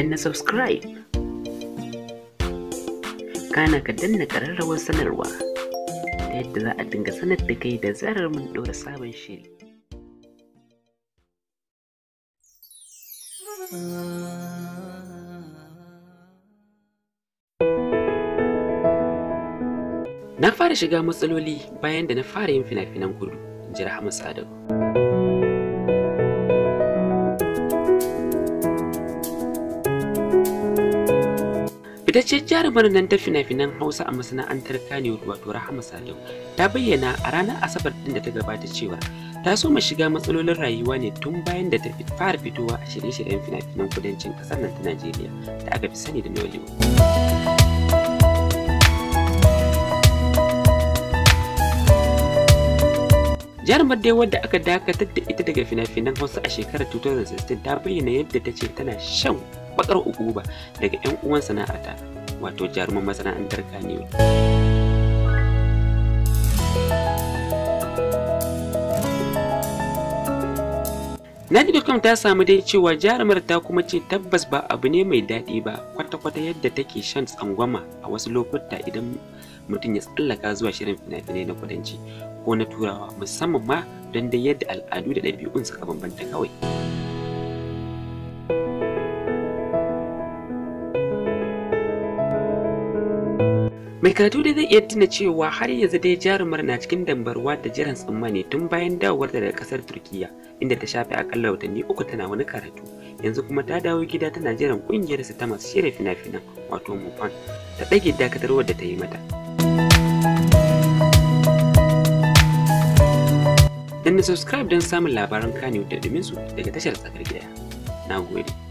danna subscribe kana ka danna ƙararrawar sanarwa ta yadda za a dinga sanar da kai da zarar mun ɗora sabon shiri na fara shiga matsaloli bayan da na fara yin fina-finan kudu in ji rahama fitacciyar jarumar nan ta fina-finan hausa a masana'antar kanewar wato rahama sadau ta bayyana a ranar asabar din da ta gabata cewa ta so mu shiga matsalolin rayuwa ne tun bayan da ta fara fitowa a shirye-shiryen fina-finan kudancin ƙasar nan ta najeriya da aka fi sani da nollywood jarumar dai wadda aka dakatar da ita daga fina-finan hausa a shekarar 2016 ta bayyana yadda ta ce tana shan bakar uguba daga 'yan uwan sana'ata wato jaruman masana'antar kanewa. Nadi.com ta samu dai cewa jarumar ta kuma ce tabbas ba abu ne mai daɗi ba kwata-kwata yadda take shan tsangwama a wasu lokuta idan mutum ya tsallaka zuwa shirin fina-finai na kudanci ko na turawa musamman ma don dai yadda al'adu da ɗabi'un suka bambanta kawai. mai karatu dai zai iya tuna cewa har yanzu dai jarumar na cikin dambarwa da jiran tsammani tun bayan dawowar daga kasar turkiya inda ta shafi akalla watanni uku tana wani karatu yanzu kuma ta dawo gida tana jiran kungiyar su ta masu shirya fina-finan wato mufan ta ɗage dakatarwar da ta yi mata dan na subscribe don samun labaran kanewa da su daga tashar tsakar gida na gode